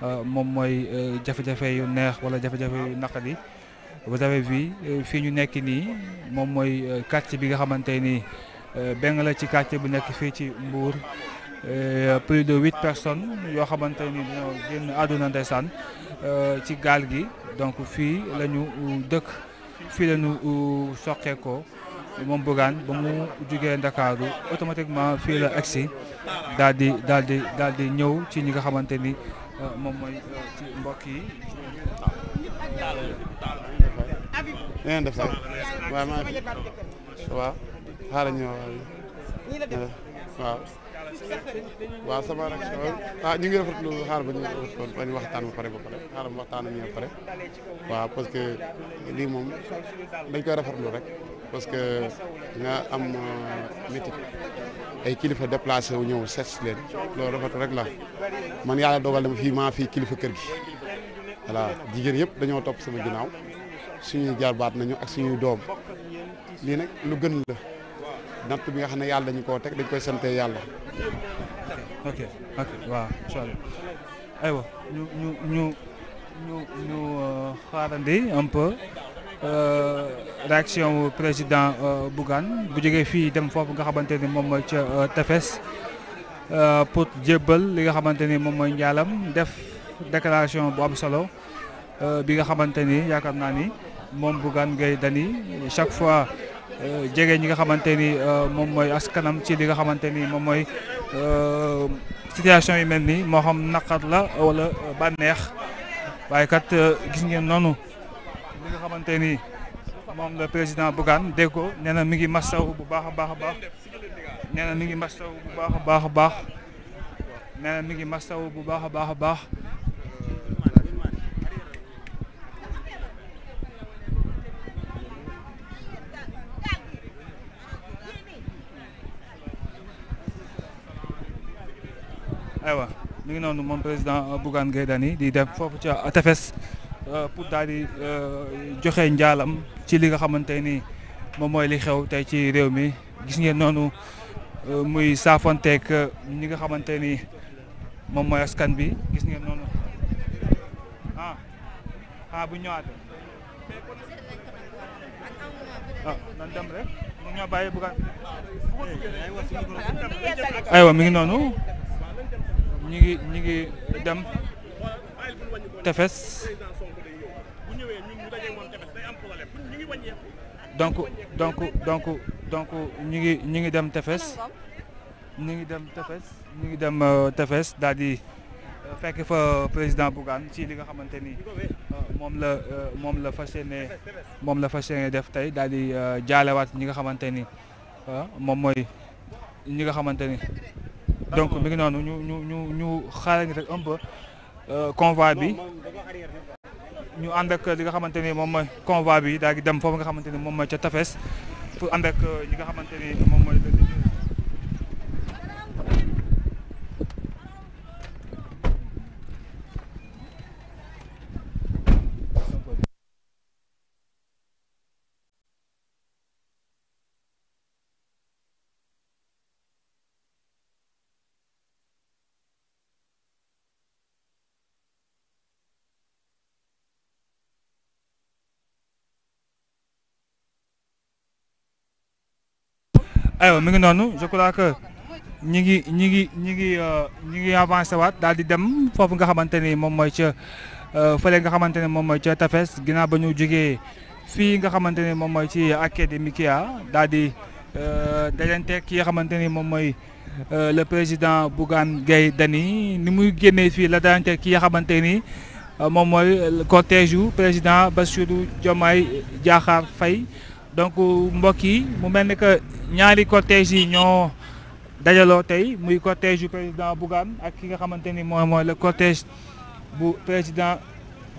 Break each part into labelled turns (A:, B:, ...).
A: Euh, moom mooy euh, jafe-jafe yu neex wala jafe-jafe yu naqari vous avez euh, fii ñu nekk nii moom mooy quartier bi nga xamante ni benn la ci quartier bu nekk fii ci Mbour plus de huit personnes yoo xamante ni dañoo génn àdduna ndeysaan ci gaal gi donc fii la ñu dëkk fii lañu ñu soqeekoo moom Bougane ba mu jugee Ndakaaru automatiquement fii la agsi daal di daal di daal di ñëw ci ñi nga xamante ni. Euh, moom mooy euh, ci yi. waaw. def sax waaw maa ngi fi waaw xaaral ñu waaw. waaw sama rak ah ñu ngi rafetlu xaar ba ñu waxtaan ba pare ba pare xaaral ma waxtaan ak ñu ba pare waaw parce que lii moom dañ koy rafetlu rek. parce que nga am euh, métit ay kilifa déplacé wu ñëw set si leen loolu rafet rek la man yàlla dogal dama fii maa fii kilifa kër gi voilà jigéen yëpp dañoo topp sama ginnaaw suñuy jarbaat nañu ak suñuy doom lii nag lu gën la natt bi nga xam ne yàlla dañu koo teg dañ koy sante yàlla ok ñu ñu ñu ñu euh, xaarandi un peu Euh, réaction président bu euh, Bougane bu jógee fii dem foofu nga xamante ni moom mooy ca euh, tefes pour jébbal li nga xamante ni moom mooy njaalam def déclaration bu am solo bi nga xamante ni yaakaar naa ni moom bu Bougane ngay Dany chaque fois jege ñi nga xamante ni moom mooy askanam ci li nga xamante ni moom mooy situation yu mel nii moo xam naqar la wala bànneex waaye kat gis ngeen noonu. li nga xamante ni moom la président Bougane dégg ko nee na mi ngi mastaw bu baax a baax a baax nee na mi ngi bu baax baax baax nee na ngi mastaw bu baax a baax a baax aywa mi ngi noonu moom président Bougane Gueye Dany di def foofu ca tefes Euh, pour daal di euh, joxe njaalam ci li nga xamante ni moom mooy li xew tey ci réew mi gis ngeen noonu euh, muy saafonteeg ñi nga xamante ni moom mooy askan bi gis ngeen noonu ah ah, ah mu mi ngi noonu ñu ngi ñu ngi dem tefes donc donc donc donc ñu ngi ñu ngi dem tefes ñu ngi dem tefes ñu ngi dem euh, tefes daal di euh, fekk fa président Bougane ci li nga xamante ni euh, moom la moom la fas yéene moom la fas yéene def tey daal di jaalewaat ñi nga xamante ni moom mooy ñi nga xamante ni donc mi ngi noonu ñu ñu ñu ñu xaaral ngi rek un peu bi ñu ànd ak li nga xamante ni moom mooy convoi bi daal di dem foofu nga xamante ni moom mooy ca Tafes pour ànd ak ñi nga xamante ni moom mooy aywa mi ngi noonu je crois que ñi ngi ñi ngi ñi ngi euh, ñi ngi avancé waat daal di dem foofu nga xamante ni moom mooy ca euh, fële nga xamante ne moom mooy ca tafes ginnaaw ba ñu jógee fi nga xamante ne moom mooy ci académiquia daal di euh, dajanteeg ki nga xamante ni moom mooy le président Bougane Gueye Dany ni muy génnee fii la dajanteeg ki nga xamante ni moom mooy cortège yu président Bassirou Diomaye Diakhar Faye donc mbokk yi mu mel ni que ñaari cortège yi ñoo dajaloo tey muy cortège yu président Bougane ak ki nga xamante ni mooy mooy le cortège bu président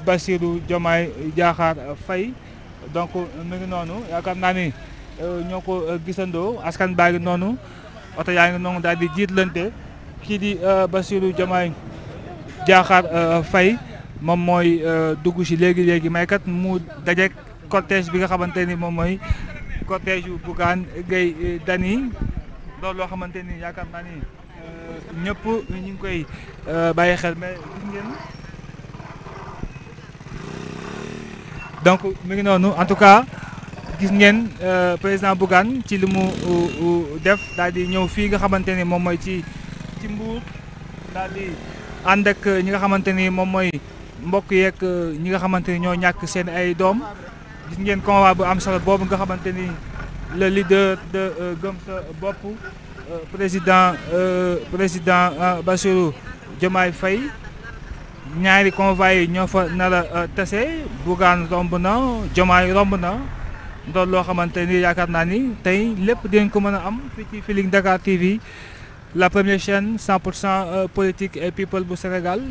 A: bassiru Diomaye Diakhar Faye donc mu ngi noonu yaakaar naa ni euh, ñoo ko euh, gisandoo askan baa noonu oto yaa ngi noonu daal di jiitlante kii di euh, Bassirou Diomaye Diakhar Faye moom mooy dugg si léegi-léegi may kat mu dajek cortège bi nga xamante ni moom mooy cortège yu Bougane Gueye eh, Dany loolu loo xamante ni yaakaar naa ni euh, ñëpp ñu ngi koy euh, bàyyi xel mais gis donc mu ngi noonu en tout cas gis ngeen euh, président Bougane ci li mu def daal di ñëw fii nga xamante ni moom mooy ci ci Mbour daal di ànd ak ñi nga xamante ni moom mooy mbokk yeeg ñi nga xamante ni ñoo ñàkk seen ay doom gis ngeen convoi bu am solo boobu nga xamante ni le leader de euh, Gëm Sa Bopp euh, président euh, président Bassirou Diomaye Faye ñaari convois yi ñoo fa nar a tase Bougane romb na Diomaye romb na doon loo xamante ni yaakaar naa ni tey lépp dinañ ko mën a am fii ci Feeling Dakar TV la première chaîne pour cent politique et people bu Sénégal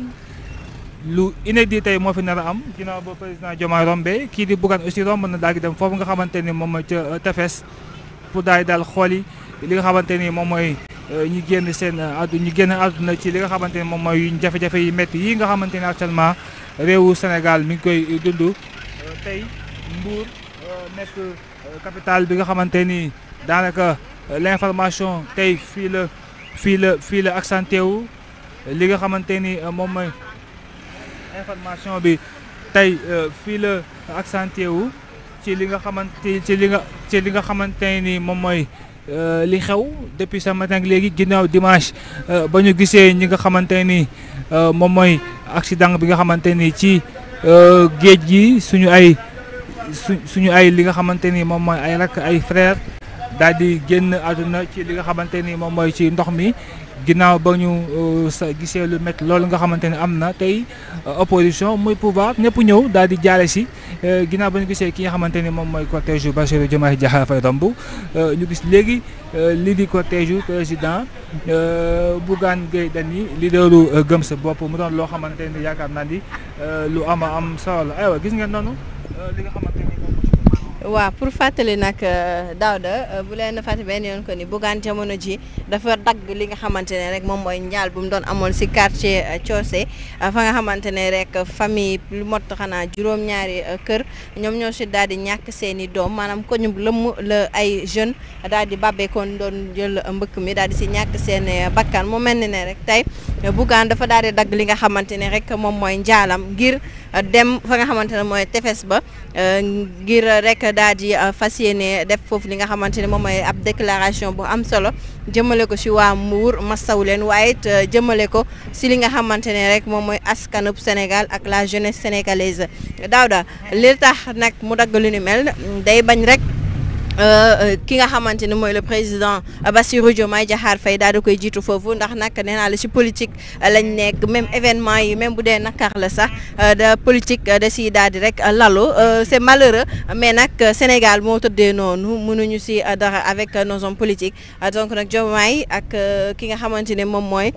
A: lu inédit tey moo fi nar a am ginnaaw ba président Diomaye rombe kii di Bougane aussi romb na daal di dem foofu nga xamante ni moom ca euh, tefes pour daay daal xool yi li nga xamante ni moom mooy euh, ñu génn seen euh, addu ñi génn àdduna ci li nga xamante ni moom mooy jafe-jafe yi métti yi nga xamante ni actuellement réewu Sénégal mi ngi koy dund tey Mbour nekk capitale bi nga xamante ni daanaka l'information tey fii la fii la fii la accenté wu li nga xamante ni moom mooy information bi tey euh, fii la accentué wu ci li nga xamante ci li nga ci li nga xamante ni moom mooy euh, li xew depuis ce matin léegi ginnaaw dimanche euh, ba ñu gisee ñi nga xamante ni moom mooy accident bi nga xamante ni ci géej gi suñu ay su suñu ay li nga xamante ni moom ay rakk ay frère daal di génn àdduna ci li nga xamante ni moom mooy ci ndox mi ginnaaw ba ñu euh, sa gisee lu met loolu nga xamante ni am na tey euh, opposition muy pouvoir ñëpp ñëw daal di jaale si euh, ginnaaw ba ñu gisee ki nga xamante ni moom mooy cortège yu Bassirou Diomaye Diakhar fay romb ñu gis léegi lii di cortège yu président Bougane Gueye Dany leaderu gëm sa bopp mu doon loo xamante ni yaakaar naa ni lu ama am solo la gis ngeen noonu li nga xamante ni
B: waaw pour fàttali nag euh, Daouda euh, bu leen fàttali benn yoon ko ni Bougane jamono ji dafa dagg li nga xamante ne rek moom mooy njaal bu mu doon amoon si quartier euh, Thiocé fa nga xamante ne rek famille lu mot xanaa juróom-ñaari kër ñoom ñoo si daal di ñàkk seen i doom maanaam ko ñu lëmm la ay jeunes daal di bàbbeekoon doon jël mbëkk mi daal di si ñàkk seen bakkan mu mel ni ne rek tey. Bougane dafa daal di dagg li nga xamante ne rek moom mooy njaalam ngir dem fa nga xamante ne mooy tefes ba euh, ngir rek daal di euh, fas yéene def foofu li nga xamante ne moom mooy ab déclaration bu am solo jëmale ko si waa Mbour masawu leen waaye it euh, jëmale ko si li nga xamante ne rek moom mooy askanub Sénégal ak la jeunesse sénégalaise Daouda li tax nag mu dagg lu ni mel day bañ rek. Euh, euh, ki nga xamante ni mooy le président Bassirou Diomaye Diakhar fay daal di koy jiitu foofu ndax nag nee naa la ci politique euh, lañ nekk même événement yi même bu dee nakar la sax da politique de si daal di rek lalo c'est malheureux mais nag Sénégal moo tëddee noonu mënuñu si dara avec nos hommes politiques donc nag Diomaye ak ki nga xamante ne moom mooy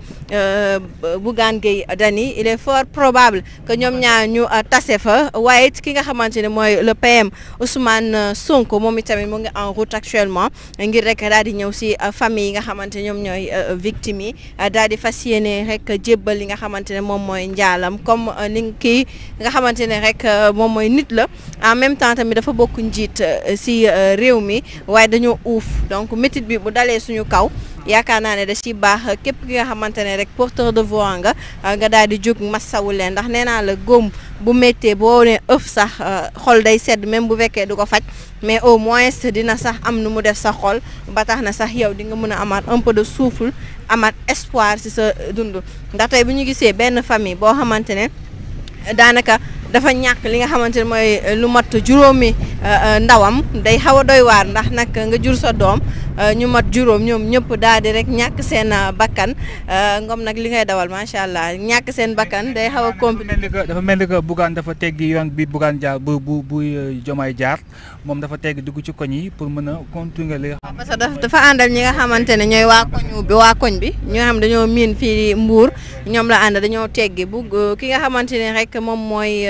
B: Bougane Gueye Dany il est fort probable que ñoom ñaar ñu tase fa waaye ki nga xamante ne mooy le PM Ousmane Sonko moom itamit mu ngi en route actuellement ngir rek daal di ñëw si euh, famille yi nga xamante ñoom ñooy euh, euh, victimes yi daal di fas yéene rek jébbal li nga xamante ne moom mooy njaalam comme ni kii nga xamante ne rek moom mooy nit la en même temps tamit dafa bokk njiit si réew mi waaye dañoo uuf donc métit bi bu dalee suñu kaw yaakaar naa ne da ciy baax képp ki nga xamante ne rek porteur de voix nga nga daal di jóg massawu leen ndax nee naa la góom bu méttee boo ne ëf sax euh, xol day sedd même bu fekkee du ko faj mais au moins dina sax am nu mu def sa xol ba tax na sax yow di nga mën a amaat un peu de suuful amaat espoir ci sa dund ndax tey bu ñu gisee benn famille boo xamante ne daanaka. dafa ñàkk li nga xamante ne mooy euh, lu mat juróomi euh, euh, ndawam day xaw a doy waar ndax nag nga jur sa doom ñu mat juróom ñoom ñëpp daal di rek ñàkk seen bakkan ngom nag li ngay dawal macha allah ñàkk seen bakkan day xaw a
A: compliqué dafa mel ni que Bougane dafa teggi yoon bi Bougane jaar bu bu bu Diomaye jaar moom dafa teggi dugg ci koñ yi pour mën a continuer li nga xam
B: parce que dafa àndal ñi nga xamante ne ñooy waa koñ bi waa koñ bi ñoo xam dañoo miin fii Mbour ñoom la ànd dañoo teggi bu ki nga xamante ne rek moom mooy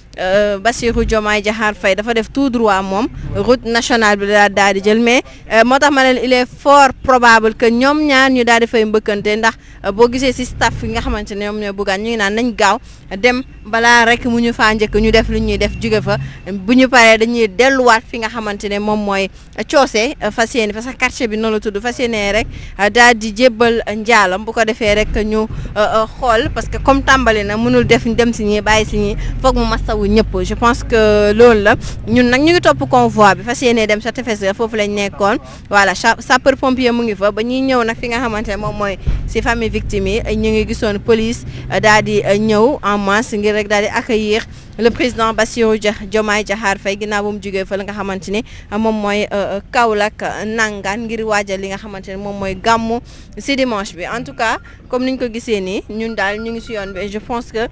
B: Euh, Bassirou Diomaye Diakhar fay dafa def tout droit moom route nationale bi daal daal di jël mais euh, moo tax ma ne il est fort probable que ñoom ñaar ñu daal di fay mbëkkante ndax euh, boo gisee si staff yi nga xamante ne ñoom ñoo bëggaan ñu ngi naan nañ gaaw dem balaa rek mu ñu fa njëkk ñu def lu ñuy def juge fa bu ñu paree dañuy delluwaat fi nga xamante ne moom mooy coose fas yéene parce que quartier bi noonu la tudd fas yéene rek daal di jébbal njaalam bu ko defee rek ñu xool parce que comme tàmbali na mënul def dem si ñi bàyyi si wu ñëpp je pense que loolu la ñun nag ñu ngi topp convoi bi fas yéenee dem sa tefes ga foofu lañ nekkoon voilà sapeur pompier mu ngi fa ba ñuy ñëw nag fi nga xamante ne moom mooy si famille victime yi ñu ngi gisoon police euh, daal di euh, ñëw en masse ngir rek daal di le président Bassirou Diomaye Diakhar Faye ginnaaw ba mu jógee fa la nga xamante ni euh, moom mooy Kaolack nangaan ngir waajal li nga xamante ne moom mooy gàmmu si dimanche bi en tout cas comme niñ ko gisee nii ñun daal ñu ngi si yoon bi je pense que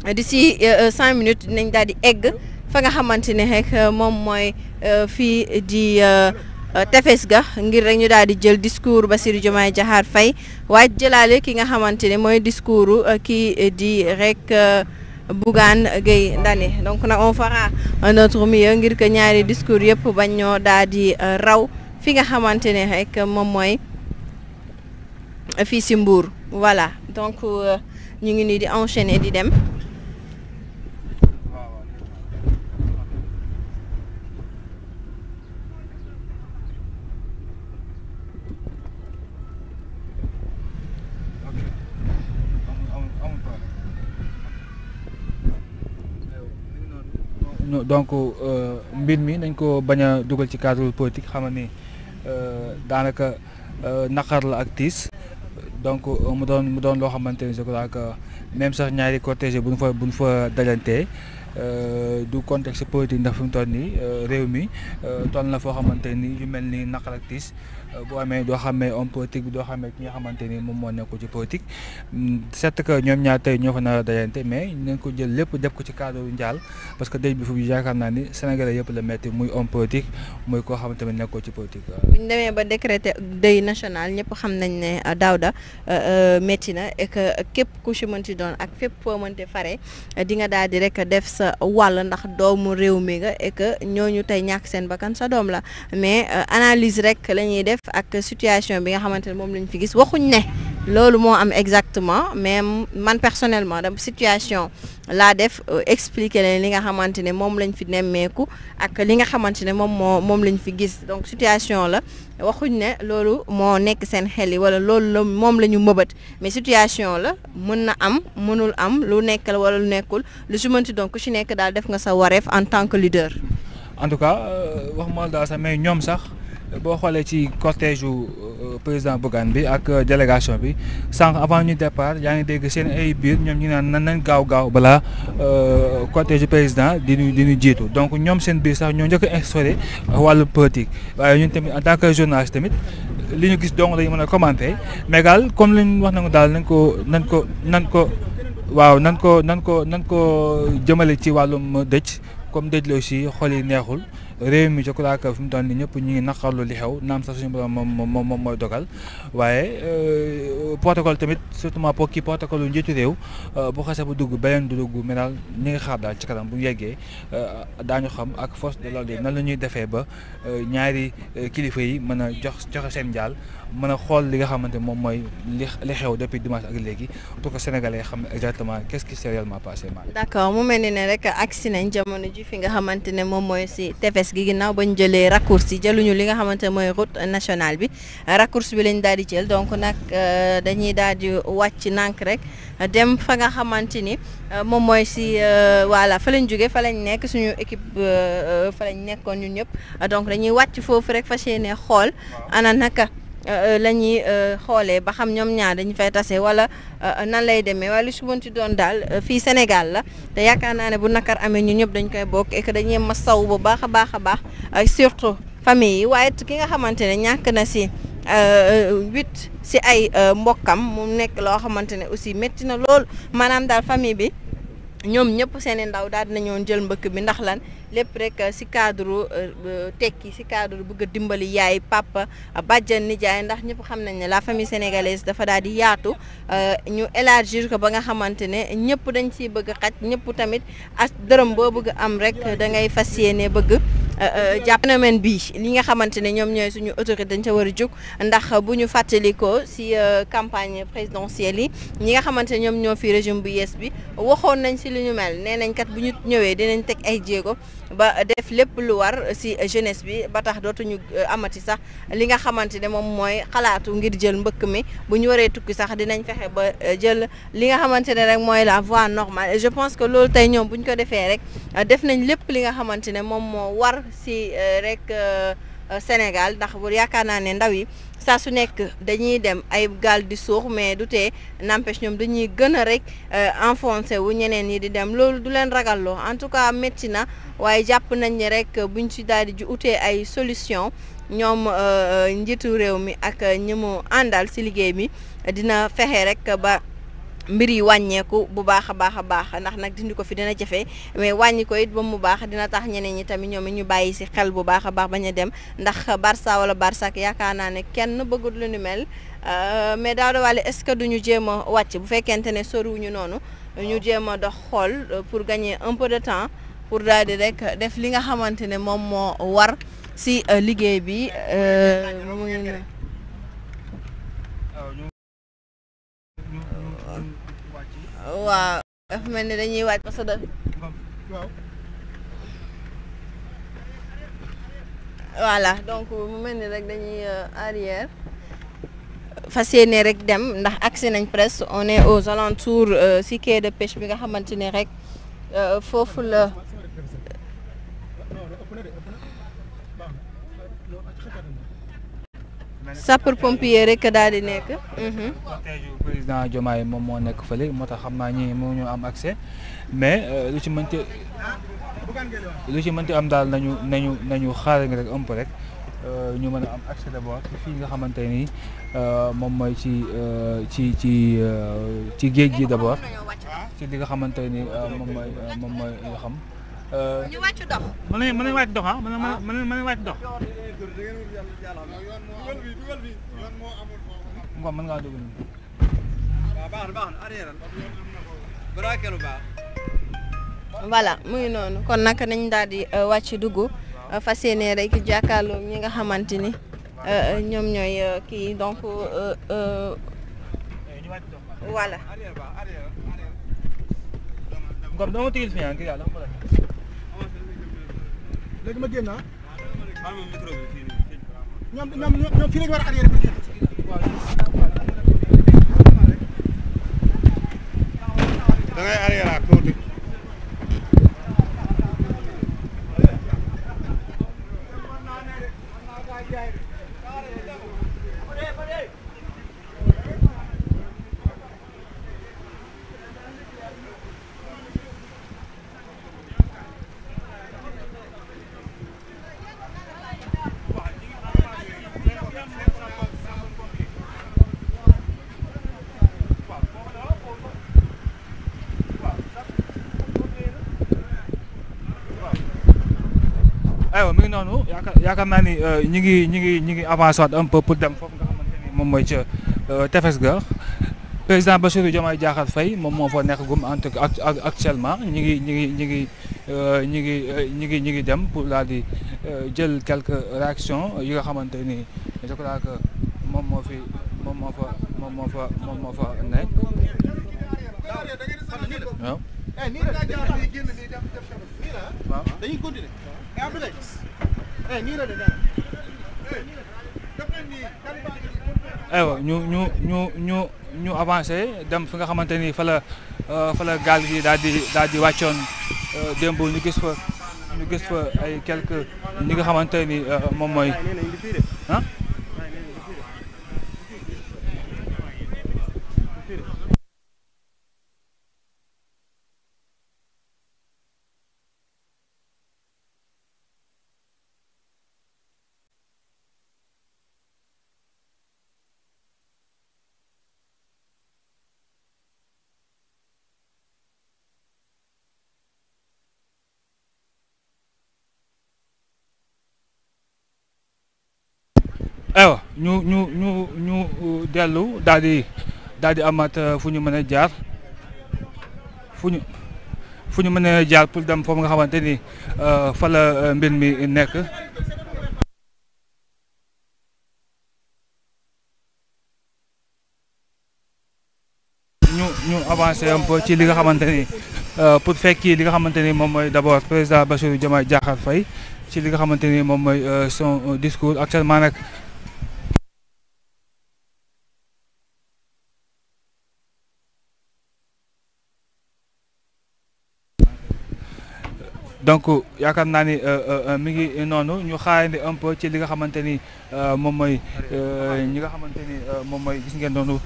B: di d'ici euh, euh, cinq minutes nañ daal di egg fa nga xamante ne rek euh, moom mooy fii di tefes ga ngir rek ñu daal di jël discours Bassirou Diomaye Diakhar fay waaye jëlaale ki nga xamante ne mooy discours kii di rek Bougane Gueye Dany donc nag on fera notre mieux ngir que ñaari discours yëpp bañ ñoo daal di raw fi nga xamante ne rek moom mooy fii si mbuur voilà donc ñu ngi nii di enchaîner di dem
A: donc euh, mbir mi nañ ko bañ a dugal ci cadre politique xam ni euh, daanaka euh, naqar la ak tiis donc mu doon mu doon loo xamante ni je crois que même sax ñaari cortège bu ñu fa bu ñu fa dajantee du contexte politique ndax fi mu toll nii réew mi toll na foo xamante nii yu mel ni naqar ak tiis boo amee doo xamee homme politique bi doo xamee ki xamante ni moom moo nekk ci politique certes que ñoom ñaata tey ñoo fa a dajante mais nañ ko jël lépp def ko ci cadre njaal parce que dëj bi fu bi yaakaar naa yëpp la metti muy homme politique muy koo xam tamit nekkoo ci politique. bu
B: ñu demee ba décréter deuil national ñëpp xam nañ ne euh, Daouda euh, euh, métti na et képp ku ci doon ak fépp foo mënti fare di nga daal di rek def sa wàll ndax doomu réew mi nga et que ñooñu tey ñàkk seen bakkan sa doom la mais analise rek lañuy def. ak situation bi nga xamante ne moom lañ fi gis waxuñ ne loolu moo am exactement mais man personnellement da situation laa def euh, expliquer leen li nga xamante ne moom lañ fi nemmeeku ak li nga xamante ne moom moo moom lañ fi gis donc situation la waxuñ ne loolu moo nekk seen xel yi wala loolu la moom la ñu mëbët mais situation la mën na am mënul am lu nekk la wala lu nekkul lu si mënti donc ku si nekk daal def nga sa wareef en tant que leader.
A: en tout cas euh, wax ma daal sax mais ñoom sax. boo xoolee ci cortège yu euh, président Bougane bi ak euh, délégation bi sànq avant ñu départ yaa ngi dégg seen ay biir ñoom ñu naan nan nañ gaaw gaaw balaa euh, cortège président di ñu di ñu jiitu donc ñoom seen biir sax ñoo njëkk a instauré wàllu politique waaye ñun tamit en tant que journaliste tamit li ñu gis dong dañu mën a commenté mais daal comme lañu wax na ko daal nañ ko nañ ko nañ ko waaw nan ko nan ko nan ko jëmale ci wàllum dëj comme dëj la aussi xol neexul. réew mi je crois que fi mu toll nii ñëpp ñu ngi naqarlu li xew naam sax suñu borom moom moom moom mooy dogal waaye euh, protocole tamit surtout pour kii protocole yu njiitu réew euh, bu xasee bu dugg beneen du dugg mais daal ñi ngi xaar daal ci kanam bu ñu yeggee euh, daañu xam ak force de l'ordre nan la ñuy defee ba ñaari kilifa yi mën a jox joxe seen jaal mën a xool li nga xamante moom mooy li li xew depuis dimanche ak léegi pour que xam exactement qu'est-ce qui s'est réellement passé
B: ma d'accord mu mel ni fi nga xamante ne moom mooy si tefes gi ginnaaw bañ jëlee raccourci jëluñu li nga xamante ne mooy route nationale bi raccourci bi lañ daal di jël donc nag euh, dañuy daal di wàcc nànk rek dem fa nga xamante ni euh, moom mooy si euh, voilà fa lañ jógee fa lañ nekk suñu équipe fa lañ nekkoon ñun ñëpp donc dañuy wàcc foofu rek fas yéene xool ana naka Euh, la ñuy euh, xoolee ba xam ñoom ñaar dañu fay tase wala euh, nan lay demee wala li su doon daal fii Sénégal la te yaakaar naa ne bu nakar amee ñu ñëpp dañu koy bokk et que dañuy masaw bu baax a baax a baax surtout famille yi waaye ki nga xamante ne ñàkk na si huit si ay mbokkam mu nekk loo xamante ne aussi métti na lool maanaam daal famille bi ñoom ñëpp seen i ndaw daal dinañoon jël mbëkk bi ndax lan lépp rek euh, si cadre euh, euh, tekki si cadre bëgg dimbali yaay papa bàjjan nijaay ndax ñëpp xam nañ ne la famille sénégalaise dafa daal di yaatu ñu élargir ko ba nga xamante ne ñëpp dañ siy bëgg xaj ñëpp tamit ak dërëm boo bëgg am rek da ngay fas yéene bëgg jàpp phénomène bi li nga xamante ne ñoom ñooy suñu autorité dañ ca war a jóg ndax bu ñu fàttalikoo si campagne présidentielle yi ñi nga xamante ne ñoom ñoo fi régime bu yees bi waxoon nañ si lu ñu mel nee nañ kat bu ñu ñëwee dinañ teg ay jéego ba def lépp lu war si jeunesse bi ba tax dootuñu euh, amati sax li nga xamante ne moom mooy xalaatu ngir jël mbëkk mi bu ñu waree tukki sax dinañ fexe ba euh, jël li nga xamante ne rek mooy la voie normale je pense que loolu tey ñoom bu ko defee rek euh, def nañ lépp li nga xamante ne moom moo war si rek Sénégal ndax bu yaakaar naa ne ndaw yi saa su nekk dañuy dem ay gaal di suux mais du tee n'empêche ñoom dañuy gën a rek euh, enfoncé wu ñeneen ñi di dem loolu du leen ragaloo en tout cas métti na waaye jàpp nañ ni rek buñ ci daal di ju utee ay solution ñoom euh, euh, njiitu réew mi ak ñi mu àndal ci liggéey bi dina fexe rek mbir yi wàññeeku bu baax a baax a baax ndax nag dindi ko fi dina jafe mais wàññi ko it ba mu baax dina tax ñeneen ñi tamit ñoom it ñu bàyyi si xel bu baax a baax bañ a dem ndax Barça wala Barça yaakaar naa ne kenn bëggut lu ni mel euh, mais Daouda Wally est-ce que duñu jéem a wàcc bu fekkente ne soriwuñu noonu ñu jéem a dox xool pour gagner un peu de temps pour daal di rek def li nga xamante ne moom moo war si euh, liggéey bi. Euh, waaw mel ni dañuy waaj parce que voilà donc mu mel ni rek dañuy euh, arrière fas yéene rek dem ndax agsi nañ presque on est aux alentours euh, si quai de pêche bi nga xamante ne rek euh, foofu la. sapeur pompier rek daal di nekk. Mhm. cortège
A: président Diomaye moom moo nekk fële moo tax xam naa ñi moom ñoo am accès mais euh, lu ci mënti lu ci mënti am daal nañu nañu nañu xaar nga rek un peu rek euh, ñu mën a am accès d'abord fii nga xamante ni euh, moom mooy ci ci ci ci géej gi d'abord ci li nga xamante ni moom moom mooy xam. ñu wàcc dox. mën mu
B: ngi noonu kon naka nañ daal di euh, wàcc dugg euh, fas yéene rek jàkkaarloo ñi nga xamante ni euh, ñoom ñooy kii donc voilà.
A: léegi ma génn ah. ñoom ñoom fii la ñu war a arrière bi génn. da ngay arrière noonu yaakaar yaakaar naa ni euh, ñu ngi ñu ngi ñu ngi avancé waat un peu pour dem foofu nga xamante moom mooy ca euh, tefes ga président ba Bassirou Diomaye jaaxal Faye moom moo fa nekk gum en tout cas actuellement ñu ngi ñu ngi ñu ngi euh, ñu ngi ñu ngi ñu ngi dem pour daal di jël quelque réactions yi nga xamante ni je moom moo fi moom moo fa moom moo fa moom moo fa nekk Eh, eh, aywa ñu ñu ñu ñu ñu avancé dem fi nga xamante ni fa la euh, fa gaal gi daal di daal di wàccoon euh, démb ñu gis fa ñu gis fa ay quelques ñi nga xamante ni euh, moom mooy ñu ñu ñu ñu dellu daal di daal di amaat uh, fu ñu mën a jaar fu ñu fu ñu mën a jaar pour dem foofu nga xamante ni uh, fa la uh, mbir mi nekk. ñu ñu avancer un peu ci li nga xamante ni pour fekki li nga xamante ni moom mooy d'abord président Bassirou Diomaye Diakhar Faye ci li nga xamante ni moom mooy son discours actuellement nag. donc yaakaar naa ni euh, euh, euh, mi ngi noonu ñu xaarandi un ci li nga xamante ni moom mooy ñi nga xamante ni moom mooy gis ngeen noonu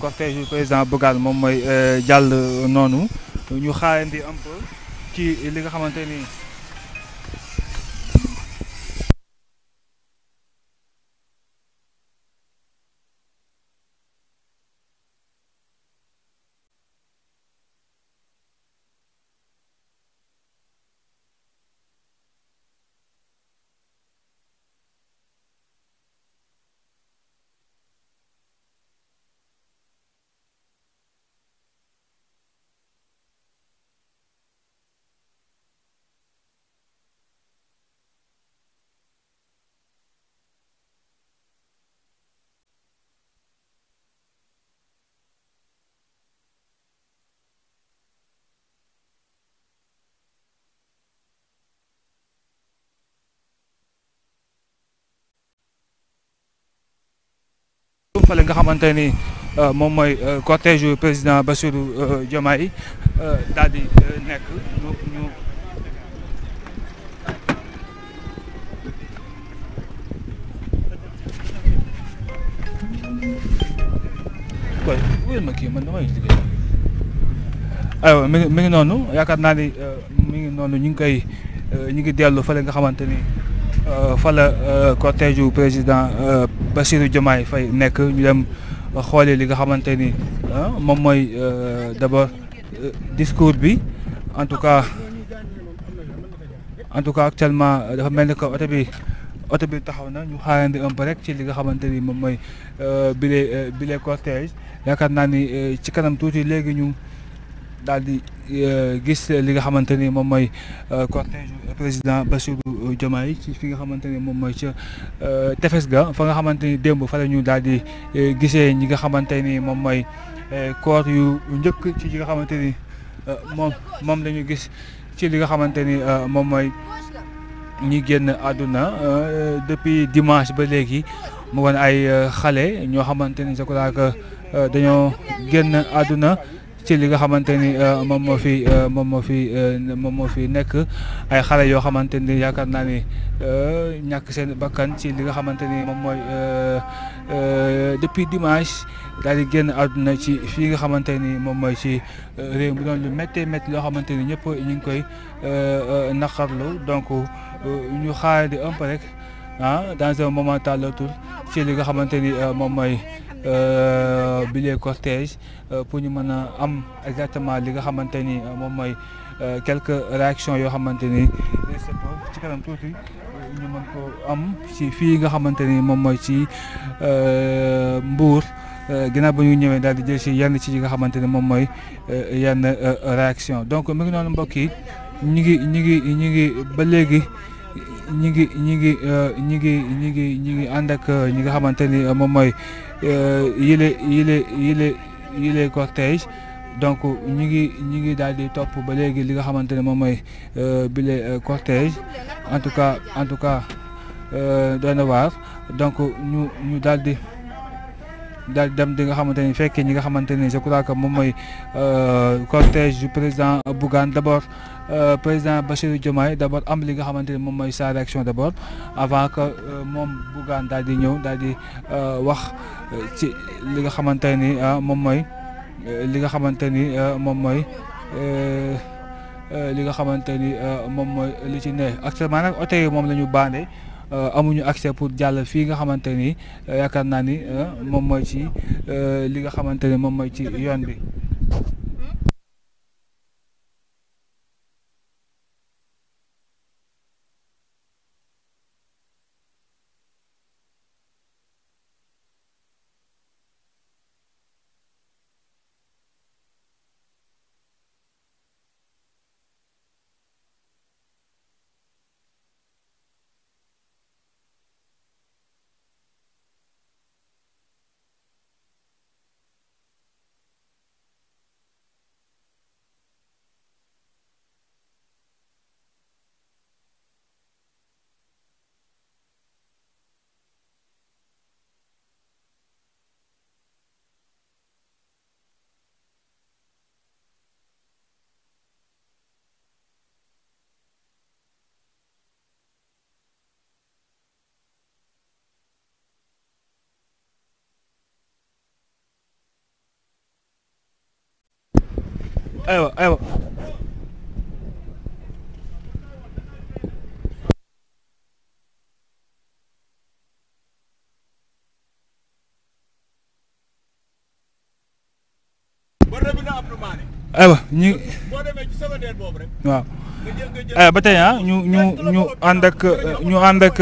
A: cortège du président Bougane moom mooy jàll noonu ñu xaarandi un ci li nga xamante ni jàppale nga xamante ni euh, moom mooy euh, cortège président Bassirou euh, Diomaye daal di nekk ñu ñu. waaw ma mi ngi noonu yaakaar naa ni mi ngi noonu ñu ngi koy ñu ngi dellu fale nga xamante ni. Euh, fala la euh, cortège yu président euh, Bassirou Diomaye fay nekk ñu dem xoolee li nga xamante ni ah, moom mooy d'abord discours bi en tout cas en tout cas actuellement dafa mel ni que oto bi oto bi taxaw na ñu xaarandi un rek ci li nga xamante ni moom mooy bile bile cortège yaakaar naa ni ci kanam tuuti léegi ñu. daal di euh, gis li nga xamante ni moom mooy euh, cortège président Bassirou Diomaye ci fi nga xamante ni moom mooy ca euh, tefes ga fa nga xamante ni démb fa la ñu daal di gisee ñi nga xamante ni moom mooy corps yu njëkk ci ñi nga xamante ni moom moom la gis ci li nga xamante ni moom mooy ñi génn àdduna depuis dimanche ba léegi mu woon ay xale ñoo xamante ni je crois que dañoo génn àdduna ci li nga xamante ni euh, moom moo fi euh, moom moo fi euh, moom moo fi nekk ay xale yoo xamante ni yaakaar naa ni ñàkk seen bakkan ci li nga xamante ni moom mooy depuis dimanche daal yi génn àdduna ci fii nga xamante ni moom mooy ci réew mi doon lu méttee métti loo xamante ni ñëpp ñu ngi koy naqarlu donc ñu xaarandi un peu rek ah dans un moment tàllatul ci li nga xamante ni moom mooy. Euh, bi les euh, pour ñu mën a am exactement li nga xamante ni euh, moom mooy quelques réactions yoo xamante ni ci kanam tuuti ñu mën ko am ci fii nga xamante ni moom mooy ci Mbour ginnaaw ba ñu ñëwee daal di jël si yenn ci yi nga xamante ni moom mooy yenn réaction donc mi ngi noonu mbokk yi ngi ñu ngi ñu ngi ba léegi. ñi ngi ñi ngi euh, ñi ngi ñi ngi ñi ngi ànd euh, ñi nga xamante ni euh, moom mooy yile yile yile yile cortège donc ñi ngi ñi ngi daal di topp ba léegi li nga xamante ne moom mooy bile cortège en tout cas en tout cas doy na waar donc ñu ñu daal di daal dem di nga xamante ni fekkee ñi nga xamante ni je que moom mooy cortège du président Bougane d'abord Euh, président Bassirou Diomaye d' abord am li nga xamante ni moom mooy sa réaction d' avant que euh, moom Bougane daal di ñëw daal di euh, wax ci li nga xamante ni moom mooy li nga xamante ni moom mooy li nga xamante ni moom mooy li ci ne actuellement nag oto yi moom la ñu baande amuñu accès pour jàll fii nga xamante ni yaakaar naa ni moom mooy ci li nga xamante ni moom mooy ci yoon bi. aywa aywa aywa ñu waaw eh, ba tey ah ñu ñu ñu ñu ànd ak